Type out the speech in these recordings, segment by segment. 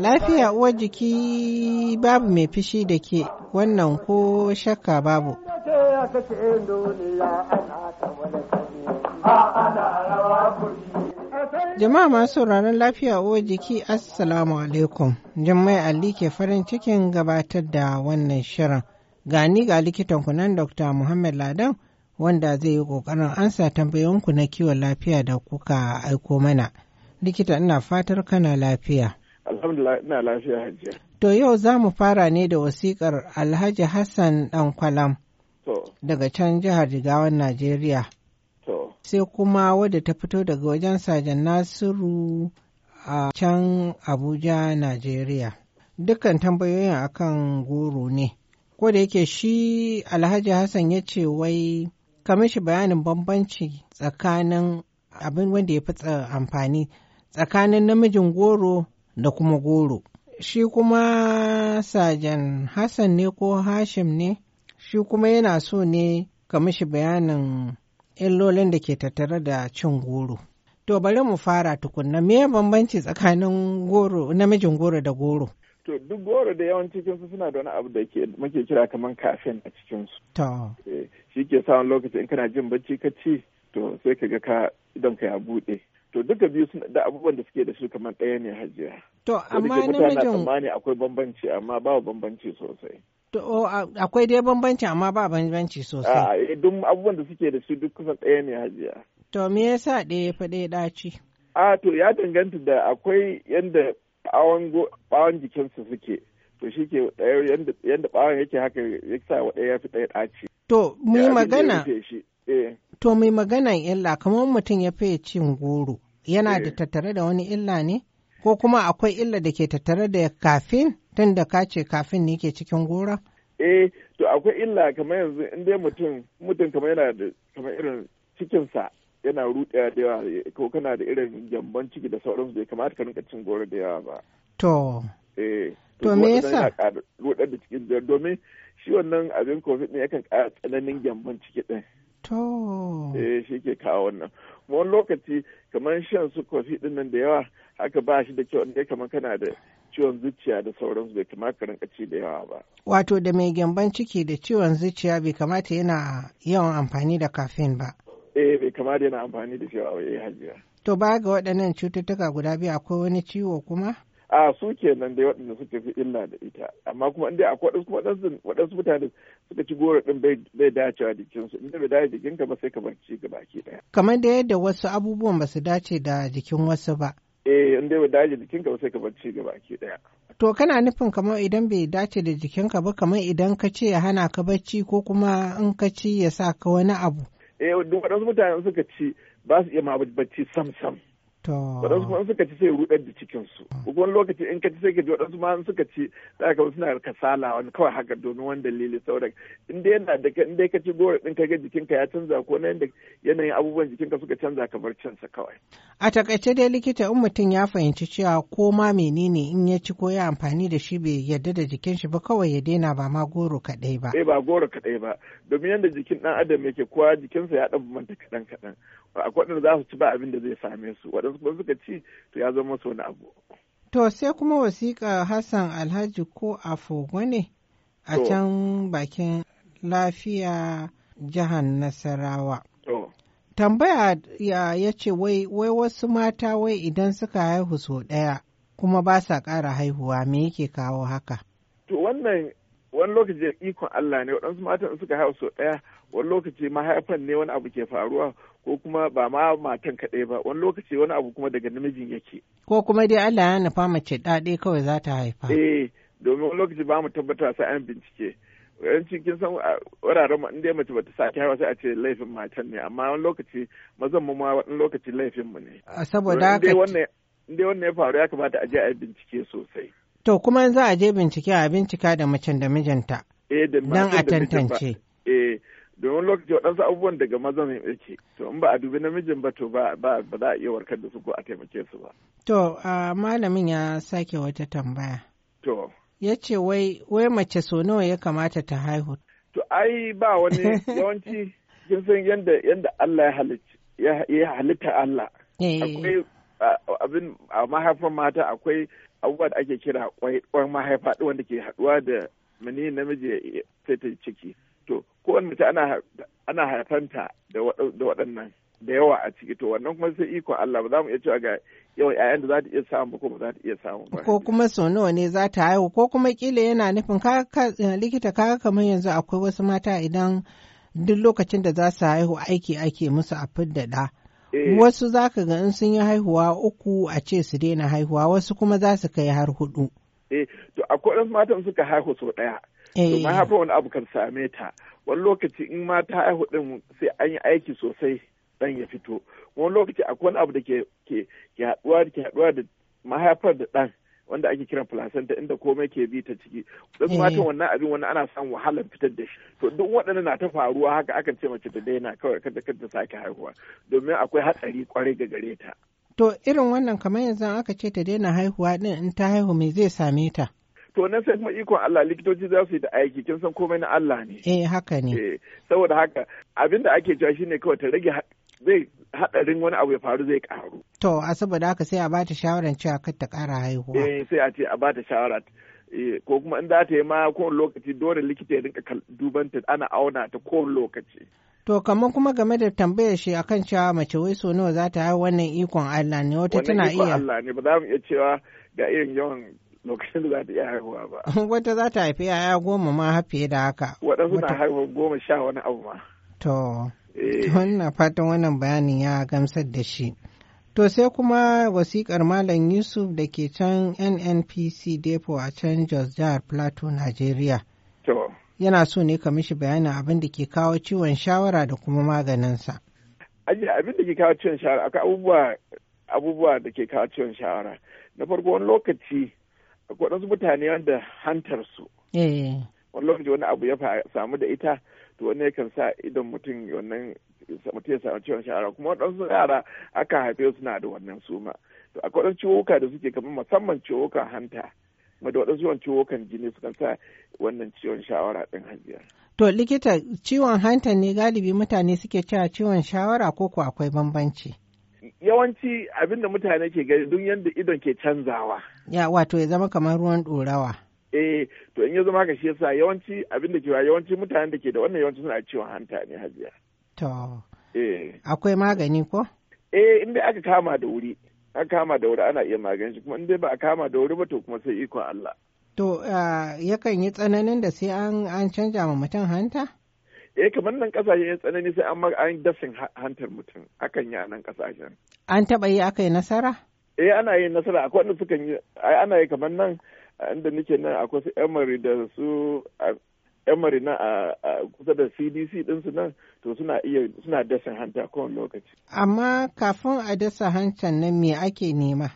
Lafiya uwar jiki babu mai fishi da ke wannan ko shakka babu. Jama'a masu sauraron lafiya uwar jiki Assalamu alaikum. Jummai Ali ke farin cikin gabatar da wannan shirin. Gani ga likitan kunan Dr. Muhammad Ladan. wanda zai yi ƙoƙarin ansa tambayoyinku na kiwon lafiya da kuka aiko mana. Likita ina fatar kana lafiya. Alhamdulillah ina lafiya To yau za mu fara ne da wasikar Alhaji Hassan ɗan kwalam Daga can jihar Jigawan Najeriya. Sai kuma wadda ta fito daga wajen Sajan Nasiru a can Abuja, Najeriya. Dukkan tambayoyin akan goro ne. Ko da yake shi Alhaji Hassan ya ce wai ka shi bayanin bambanci tsakanin abin wanda ya fi amfani tsakanin namijin goro da kuma goro. Shi kuma sajan Hassan ne ko Hashim ne, shi kuma yana so ne ka shi bayanin illolin da ke tattare da cin goro. To bari mu fara tukunna me bambanci tsakanin goro namijin goro da goro. to duk goro da yawan cikinsu suna da wani abu da muke kira kamar kafin a cikinsu. Eh, shi ke samun lokaci in kana jin bacci ka ci to sai ka ga ka idan ka ya buɗe. To duka biyu da abubuwan da suke da shi kamar ɗaya ne hajiya. To amma namijin. Mutane akwai bambanci amma babu bambanci sosai. To akwai dai bambanci amma ba bambanci sosai. A eh, duk abubuwan da suke da shi duk kusan ɗaya ne hajiya. To me yasa ɗaya ya fi ɗaya ɗaci? A to ya danganta da akwai yadda bawon jikinsu suke to shi ke eh, yadda bawon yake haka ya sa wa ɗaya fi ɗaya ɗaci. To mu magana. Eh. To mu magana illa kamar mutum ya fiye cin goro yana da eh. tattare da wani illa ne? Ko kuma akwai illa da ke tattare da kafin tun da ka ce kafin ne ke cikin gora? Eh to akwai illa kamar yanzu in dai mutum mutum kamar yana da kamar irin cikinsa yana ruɗe da yawa ko kana da irin gyamban ciki da sauransu bai kamata ka rinka cin goro da yawa ba. To. Eh. To me yasa? Rute da cikin jiyar domin shi wannan abin covid ne yakan kara tsananin gyamban ciki ɗin. To. Eh shi ke kawo wannan. Wani lokaci kamar shan su kofi ɗin nan da yawa haka ba shi da kyau ne kamar kana da ciwon zuciya da sauransu bai kamata ka rinka ci da yawa ba. Wato da mai gyamban ciki da ciwon zuciya bai kamata yana yawan amfani da kafin ba. eh bai kama da yana amfani da shi a waye eh, hajiya to ba ga waɗannan cututtuka guda biyu akwai wani ciwo kuma a su nan dai waɗanda suka fi illa da ita amma kuma inda akwai waɗansu waɗansu mutane suka ci goro ɗin bai dace a jikinsu inda bai dace jikinka ba sai ka barci ga baki ɗaya kamar da yadda wasu abubuwan ba su dace da jikin wasu ba eh inda bai dace jikinka ba sai ka barci ga baki ɗaya to kana nufin kamar idan bai dace da jikinka ba kamar idan ka ce ya hana ka bacci ko kuma in ka ci ya sa ka wani abu eh duk waɗansu mutane suka ci ba su iya ma sam sam waɗansu kuma suka ci sai rudar da cikin su ah. wani lokaci in ka ci sai ka ji waɗansu ma suka ci za ka suna kasala wani kawai haka domin wani dalili saurak. in dai yana da in dai ka ci goro din ka ga jikinka ya canza ko na yadda yanayin abubuwan jikinka suka canza kamar cansa kawai a takaice dai likita in mutum ya fahimci cewa ko ma menene in ya ci ko ya amfani da shi bai yarda da jikin shi ba kawai ya daina ba ma goro kaɗai ba eh ba goro kaɗai ba domin yadda jikin dan adam yake kowa jikinsa ya ɗan manta kaɗan kaɗan A waɗanda za su ci ba abin da zai same su waɗansu kuma suka ci to ya zama su wani abu. To sai kuma wasiƙa Hassan Alhaji ko Afogo ne a can bakin lafiya jihar Nasarawa. Tambaya ya ce wai wasu mata wai idan suka haihu sau ɗaya kuma ba sa ƙara haihuwa me yake kawo haka? To wannan wani lokaci ikon Allah ne waɗansu matan suka haihu sau ɗaya wani lokaci mahaifan ne wani abu ke faruwa ko kuma ba ma matan kaɗai ba wani lokaci wani abu kuma daga namijin yake. Ko kuma dai Allah ya nufa mace ɗaɗe kawai za ta haifa. Eh domin wani lokaci ba mu tabbata sai an bincike. Wani kin san wuraren mu inda mace bata sake haifa sai a ce laifin matan ne amma wani lokaci mazan mu ma wani lokaci laifin mu ne. Saboda haka. Inda wannan ya faru ya kamata a je a bincike sosai. To kuma za a je bincike a bincika da macen da mijinta. Eh da Don a tantance. Eh domin lokaci waɗansu abubuwan daga mazan yake to in ba a dubi namijin ba to ba za a iya warkar da su ko a taimake su ba. To malamin ya sake wata tambaya. To. Ya ce wai mace so nawa ya kamata ta haihu. To ai ba wani yawanci kin san yadda yadda Allah ya halitta ya halitta Allah. Eh. Akwai abin a mahaifan mata akwai abubuwa da ake kira kwan mahaifa wanda ke haɗuwa da mani namiji sai ta ciki. to wanda ta ana haifanta da waɗannan da yawa a ciki to wannan kuma sai iko Allah ba za mu iya cewa ga yawan ƴaƴan da za ta iya samu ko ba za ta iya samu ba ko kuma sau nawa ne za ta haihu ko kuma kila yana nufin ka likita ka kamar yanzu akwai wasu mata idan duk lokacin da za su haihu aiki ake musu a fidda da eh. wasu za ka ga in sun yi haihuwa uku a ce su daina haihuwa wasu kuma za su kai har hudu eh, to akwai wasu matan suka haihu sau ɗaya domin eh. haka wani abu kan same ta wani lokaci in ma ta haihu ɗin sai an yi aiki sosai ɗan ya fito wani lokaci akwai wani abu da ke ke haɗuwa da ke haɗuwa da mahaifar da ɗan wanda ake kiran placenta inda komai ke bi ta ciki duk matan eh. wannan abin wani ana samun wahalar fitar da shi to duk waɗannan na ta faruwa haka akan ce mace ta daina kawai kada kada sake haihuwa domin akwai hatsari kwarai ga gare ta to irin wannan kamar yanzu aka ce ta daina haihuwa din in ta haihu me zai same ta to nan sai kuma ikon Allah likitoci za su yi da aiki kin san komai na Allah ne eh haka ne eh, saboda haka abin da ake cewa shine kawai ta rage zai hadarin wani abu ya faru zai karu to a saboda haka sai a ba ta shawaran cewa kar ta kara haihuwa eh sai a ce a ba shawara eh, ko kuma in za ta yi ma kowane lokaci dole likita ya rinka duban ana auna ta kowane lokaci To kamar kuma game da tambayar shi akan cewa mace wai so nawa za ta haihu wannan ikon Allah ne wata tana iya. Allah ne ba za mu iya cewa ga irin yawan lokacin da za ta iya haihuwa ba. Wata za ta haifi yaya goma ma har da haka. Waɗansu na haihuwa goma sha wani abu ma. To, wannan eh. fatan wannan bayanin ya gamsar da shi. To sai kuma wasiƙar Malam Yusuf da ke can NNPC Depo a can Jos Jihar Plateau, Najeriya. To. Yana so ne ka mishi bayanin abin da ke kawo ciwon shawara da kuma maganinsa. Aji abin da ke kawo ciwon shawara akwai abubuwa abubuwa da ke kawo ciwon shawara. Na farko wani lokaci akwai waɗansu mutane wanda hantar su eh. wani lokaci wani abu ya samu da ita to wani yakan sa idan mutum wannan mutum ya samu ciwon sha'ara kuma waɗansu yara aka haife suna da wannan suma to akwai waɗansu ciwuka da suke kamar musamman ciwukan hanta kuma da waɗansu yawan ciwukan jini sukan sa wannan ciwon shawara ɗin hajiya. To likita ciwon hanta ne galibi mutane suke cewa ciwon shawara ko ko akwai bambanci? yawanci abinda mutane ke gani duk yadda idon ke canzawa. Ya wato ya zama kamar ruwan ɗorawa. Eh to in ya zama ka shi yasa yawanci abinda ke yawanci mutane da ke da wannan yawanci suna ciwon hanta ne hajiya. To. Eh. Akwai magani ko? Eh in dai aka kama da wuri. Aka kama da wuri ana iya magani shi kuma in dai ba a kama da wuri ba to kuma sai ikon Allah. To uh, yakan yi tsananin da sai an an canja ma mutum hanta? eh kamar nan kasashe ya tsanani sai an an dasin hantar mutum akan yi a nan kasashen an taba yi aka yi nasara eh ana yin nasara akwai wanda suka yi ana yi kamar nan inda nake nan akwai su emery da su emery na a kusa da cdc ɗinsu nan to suna iya suna dasin hanta kowane lokaci amma kafin a dasa hantar nan me ake nema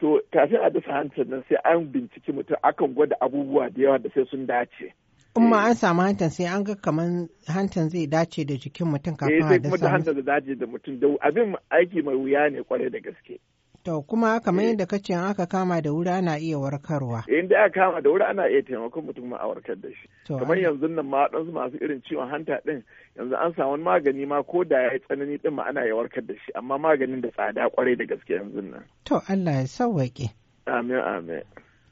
to kafin a dasa hantar nan sai an binciki mutum akan gwada abubuwa da yawa da sai sun dace in ma eh. an samu hantan sai an ga kamar hantan zai dace da jikin mutum kafin eh, a da samu. hantan da dace da mutum da abin aiki mai wuya ne kwarai da gaske. To kuma kamar eh. yadda ka ce aka kama da wuri ana iya warkarwa. In da aka kama da wuri ana iya taimakon mutum ma a warkar da shi. Kamar yanzu nan ma ɗansu masu irin ciwon hanta ɗin yanzu an samu magani ma ko da ya tsanani din ma ana iya warkar da shi amma maganin da tsada kwarai da gaske yanzu nan. To Allah ya sauwaƙe. Amin amin.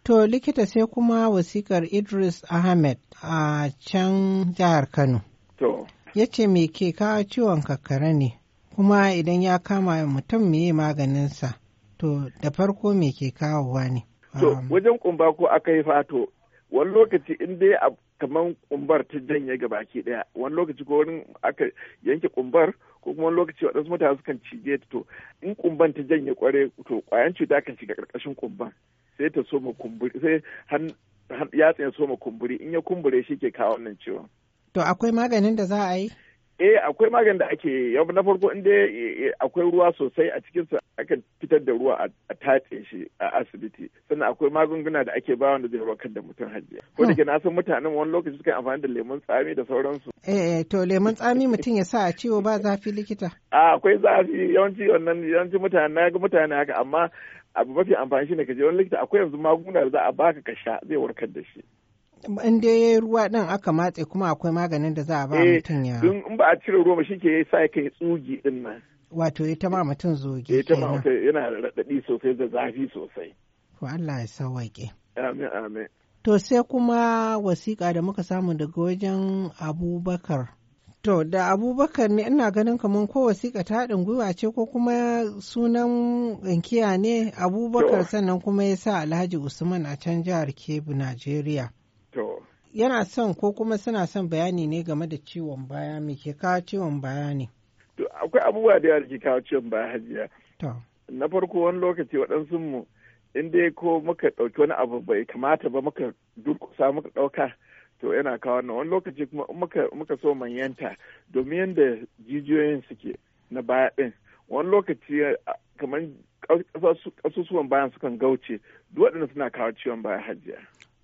To likita sai kuma wasikar Idris Ahmed a can jihar Kano. To. Ya ce me ke kawo ciwon kakkare ne, kuma idan ya kama mutum me maganinsa, to da farko me ke kawowa ne. To, um, wajen kumba ko aka yi fato, wani lokaci in dai kamar kumbar ta janye ga baki daya wani lokaci ko wani aka yanke kumbar ko kuma wani lokaci waɗansu mutane sukan cije ta to in kumban ta janye kware to kwayan cuta kan shiga ƙarƙashin kumban sai ta soma kumburi sai yatsin soma kumburi in ya kumbure shi ke kawo wannan ciwon. To akwai maganin da za a yi? eh akwai maganin da ake yau na farko inda eh, eh, akwai ruwa sosai a sa akan fitar da ruwa a tatse shi a asibiti sannan akwai magunguna da ake ba wanda zai warkar da mutum hajiya ko da hmm. na san mutanen wani lokaci suka amfani da lemun tsami da sauransu eh, eh to lemun tsami mutum ya sa a ciwo ba zafi likita Ah akwai zafi yawanci wannan yawanci mutane na ga mutane haka amma abu mafi amfani ne ka je wani likita akwai yanzu magunguna da za a baka ka sha zai warkar da shi in dai yi ruwa ɗin aka matse kuma akwai maganin da za a ba eh, mutum ya in ba a cire ruwa shi ke sa ya kai tsugi ɗin nan wato ya tama mutum zogi ya eh, tama mutum yana raɗaɗi sosai da zafi sosai to Allah ya sawaƙe amin amin to sai kuma wasiƙa da muka samu daga wajen Abubakar To da abubakar ne ina ganin kamar ko wasiƙa ta haɗin gwiwa ce ko kuma sunan inkiya ne abubakar sannan kuma ya sa alhaji usman a can jihar kebbi najeriya yana son ko kuma suna son bayani ne game da ciwon baya mai ke kawo ciwon baya ne akwai abubuwa da yawa ke kawo ciwon baya hajiya na farko wani lokaci waɗansu mu in dai ko muka ɗauki wani abu bai kamata ba muka durƙusa muka ɗauka to yana kawo na wani lokaci kuma muka so manyanta domin yadda jijiyoyin suke na baya ɗin wani lokaci eh, kamar ƙasusuwan bayan sukan gauce duk waɗanda suna kawo ciwon baya hajiya.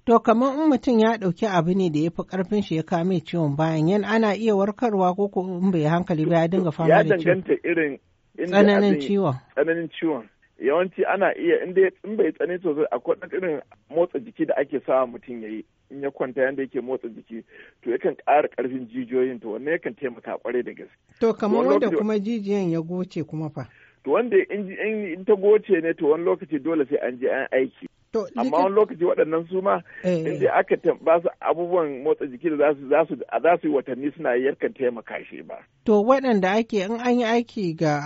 To kamar in mutum ya ɗauki abu ne da ya fi ƙarfin shi ya kame ciwon bayan yan ana iya warkarwa ko ko in bai hankali ba ya dinga fama da ciwon. Ya danganta irin tsananin ciwon. Tsananin ciwon. yawanci ana iya inda in bai tsani sosai akwai ɗan irin motsa jiki da ake sawa mutum ya yi in ya kwanta yadda yake motsa jiki to yakan ƙara ƙarfin jijiyoyin to wannan yakan taimaka kwarai da gaske. To kamar wanda kuma jijiyan ya goce kuma fa. To wanda in ta goce ne to wani lokaci dole sai an je an aiki amma wani lokaci waɗannan su ma eh. inda aka ba su abubuwan motsa jiki da za su yi watanni suna yarkan taimaka shi ba. To waɗanda ake in an yi aiki ga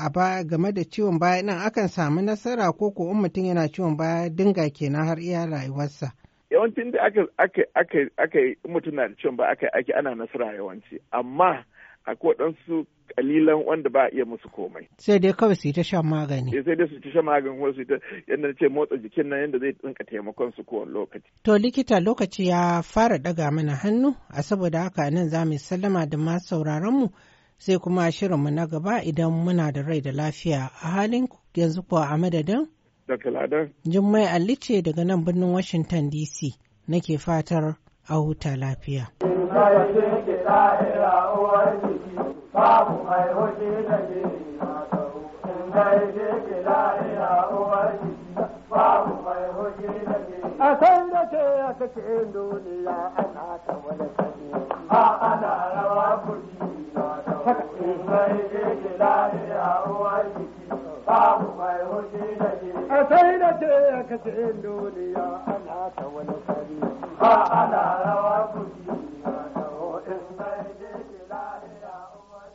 game da ciwon baya nan akan samu nasara ko ko in mutum yana ciwon baya dinga kenan har iya rayuwarsa. Yawancin da aka aka mutum na da ciwon baya aka aiki ana nasara yawanci amma akwai waɗansu ƙalilan wanda ba a iya musu komai. Sai dai kawai su yi ta shan magani. Eh, sai dai su ta shan magani ko su yi ta yadda ce motsa jikin nan yadda zai tsinka taimakon su kowane lokaci. To likita lokaci ya fara daga mana hannu a saboda haka nan za mu sallama da ma sauraron mu sai kuma shirinmu na gaba idan muna da rai da lafiya a halin yanzu kuwa a madadin. Dr. Ladan. Jummai Ali daga nan birnin Washington DC nake fatar a huta lafiya. babu mai hoji da ke in dai je ke lahira umarci babu mai hoji da ke a kai da ke a kake duniya ana ta wani kare a ana rawa kuri in dai je ke a lahira umarci babu mai hoji da ke a kai da ke a kake duniya ana ta wani kare a ana rawa kuri